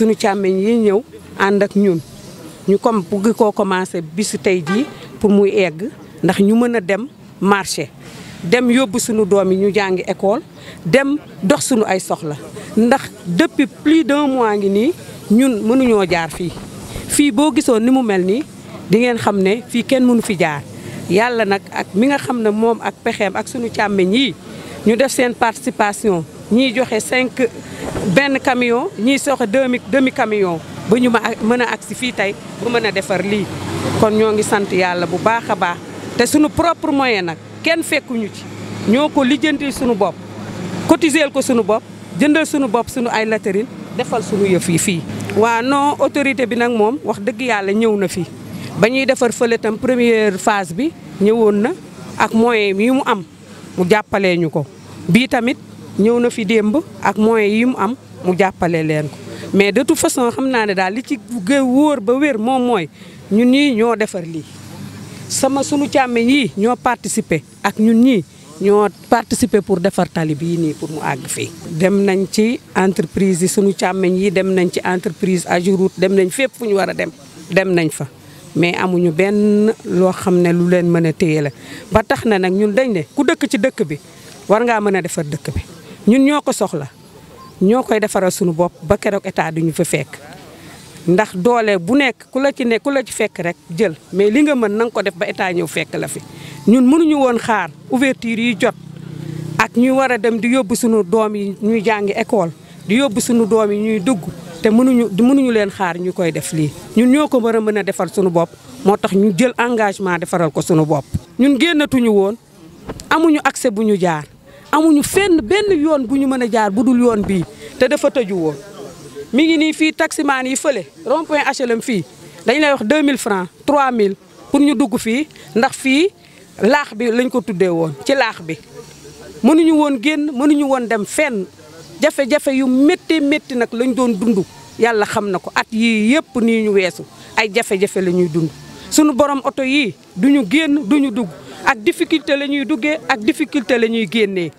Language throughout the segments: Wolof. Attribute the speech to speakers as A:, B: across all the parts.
A: suñu càmmeñ yi ñëw ànd ak ñun ñu comme bëgg koo commencé bisu tey jii pour muy egg ndax ñu mën a dem marché dem yóbbu sunu doom yi ñu jàngi école dem dox suñu ay soxla ndax depuis plus d'un mois ngi nii ñun mënuñoo jaar fii fii boo gisoon ni mu mel nii di ngeen xam ne fii kenn mënu fi jaar yàlla nag ak mi nga xam ne moom ak pexeem ak suñu càmmeñ yi ñu def seen participation ñiy joxe cinq benn camion ñiy soxe demi demi camion ba ñu ma mën a agsi fii tey bu mën a defar lii kon ñoo ngi sant yàlla bu baax a baax te suñu propre moyen nag kenn fekkuñu ci ñoo ko lijjantil suñu bopp cotiseel ko suñu bopp jëndal suñu bopp suñu ay latrine defal suñu yëf yi fii waa non autorité bi nag moom wax dëgg yàlla ñëw na fii ba ñuy defar fële tam première phase bi ñëwoon na ak moyen yi mu am mu jàppalee ko bii tamit ñëw na fi démb ak mooy yi mu am mu jàppale leen ko mais de façon xam naa ne daal li ci gë wóor ba wér moom mooy ñun ñii ñoo defar lii sama sunu càmmeñ yii ñoo participer ak ñun ñi ñoo participer pour defar tali bii nii pour mu àgg fii. dem nañ ci entreprise yi sunu càmmeñ yi dem nañ ci entreprise Ageroute dem nañ fépp fu ñu war a dem dem nañ fa mais amuñu benn loo xam ne lu leen mën a téye la ba tax na nag ñun dañ ne ku dëkk ci dëkk bi war ngaa mën a defar dëkk bi. ñun ñoo ko soxla ñoo koy defaral sunu bopp ba keroog état duñu fa fekk ndax doole bu nekk ku la ci ne ku la ci fekk rek jël mais li nga mën na ko def ba état ñëw fekk la fi ñun mënuñu woon xaar ouverture yi jot ak ñu war a dem di yóbbu sunu doom yi ñuy jàngi école di yóbbu sunu doom yi ñuy dugg te mënuñu mënuñu leen xaar ñu koy def lii ñun ñoo ko war a mën a defar suñu bopp moo tax ñu jël engagement defaral ko sunu bopp ñun génnatuñu woon amuñu accès bu ñu jaar amuñu fenn benn yoon bu ñu mën jaar budul yoon bi té dafa tëju wo mi ngi fi fii taximaan yi feulé rond point HLM fi dañ lay wax 2000 francs 3000 pour ñu dugg fi ndax fi laax bi lañ ko tuddé won ci laax bi won genn mënu ñu won dem fenn jafe-jafe yu metti metti nak lañ doon dund yalla xam ko at yi yépp ni ñu weesu ay jafe-jafe lañuy dund sunu borom oto yi duñu genn duñu dugg ak difficulté lañuy duggé ak difficulté lañuy génné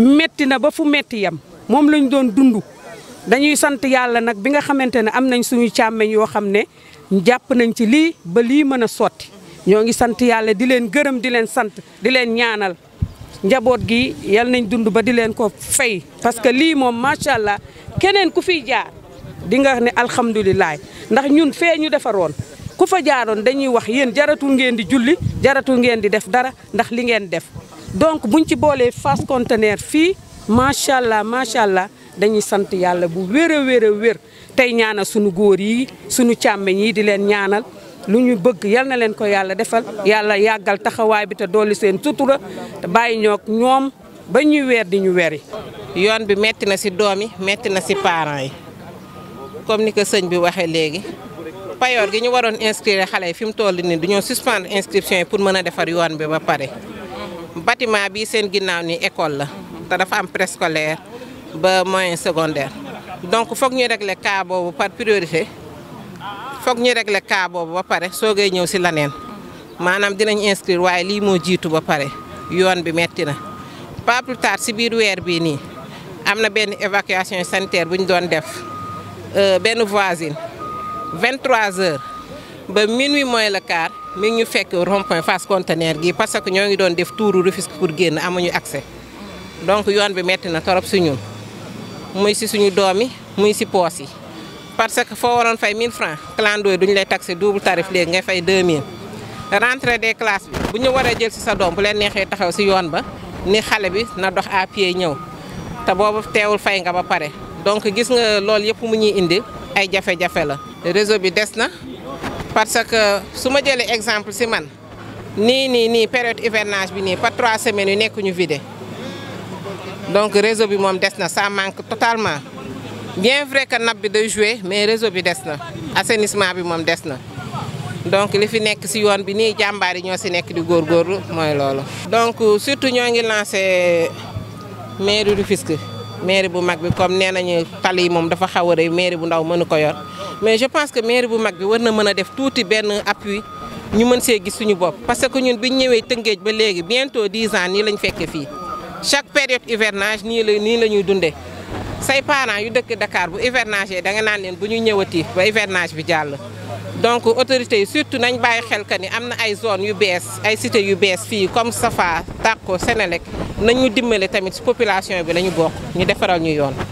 A: metti na ba fu metti yam mom lañ doon dundu dañuy sante yalla nak bi nga xamantene am nañ suñu chamagne yo xamné japp nañ ci li ba li mëna soti ñogi sante yalla sant di leen gëreem di leen sante di leen ñaanal njabot gi yal nañ dundu ba di leen ko fay parce que lii moom macha allah ku fi jaar di nga ne alhamdulilah ndax ñun fee ñu ku fa jaaroon dañuy wax yéen jaratul ngeen di julli jaratul ngeen di def dara ndax li ngeen def donc buñ ci boolee Fass Conteneur fii macha allah macha allah dañuy sant yàlla bu wér a wér a wér tey ñaanal sunu góor yi sunu càmmeñ yi di leen ñaanal lu ñu bëgg yal na leen ko yàlla defal
B: yàlla yàggal taxawaay bi te dolli seen sutura te bàyyi ñoog ñoom ba ñuy weer di ñu weri yoon bi metti na si doom yi metti na si parents yi comme ni ko sëñ bi waxee léegi. payoor gi ñu waroon inscrire xale yi fi mu toll nii dañoo suspendre inscription yi pour mën a defar yoon bi ba pare. bâtiment bii seen ginnaaw ni école la te dafa am préscolaire ba moyen secondaire donc foog ñu régler cas boobu par priorité foog ñu régler cas boobu ba pare soogay ñëw si laneen maanaam dinañ inscrire waaye lii moo jiitu ba pare yoon bi metti na pas plus tard si biir weer bii nii am na benn évacuation sanitaire bu ñu doon def euh, benn voisine 23h ba minuit mooy la kaar mi ngi ñu fekk rond point face gi parce que ñoo ngi doon def tuuru Rufisque pour génn amuñu accès donc yoon bi metti na torop si ñun muy si suñu doom yi muy si poos yi. parce que foo waroon fay 1000 francs clando duñu lay taxé double tarif léegi ngay fay 2000 rentrée des classes bi bu ñu a jël si sa doom bu leen neexee taxaw si yoon ba ni xale bi na dox à pied ñëw te boobu teewul fay nga ba pare donc gis nga loolu yëpp mu ñuy indi ay jafe la. réseau bi des na parce que su ma jëlee exemple si man nii nii nii période hivernage bi nii par trois semaines yu nekkuñu vidé donc réseau bi moom des na ça manque totalement bien vrai que napp bi day joué mais réseau bi des na assainissement bi moom des na donc li fi nekk si yoon bi nii jàmbaar yi ñoo si nekk di góor góor mooy loolu. donc surtout ñoo ngi lancé mairie Rufisque mairie bu mag bi comme nee nañu tali yi moom dafa xaw a rëy mairie bu ndaw mënu ko yor mais je pense que mairie bu mag bi war na mën a def tuuti benn appui ñu mën see gis suñu bopp. parce que ñun biñ ñëwee Tëngéej ba léegi bientôt 10 ans nii lañ fekkee fii chaque période hivernage nii la nii la ñuy dundee say parent yu dëkk Dakar bu hivernage da nga naan leen bu ñu ñëwati ba hivernage bi jàll. donc autorités yi surtout nañ bàyyi xel que ni am na ay zone yu bees ay cité yu bees fii comme Safa Tako Senelec nañu dimbale tamit ci population bi la ñu ñu defaral ñu yoon